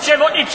przewodniczący!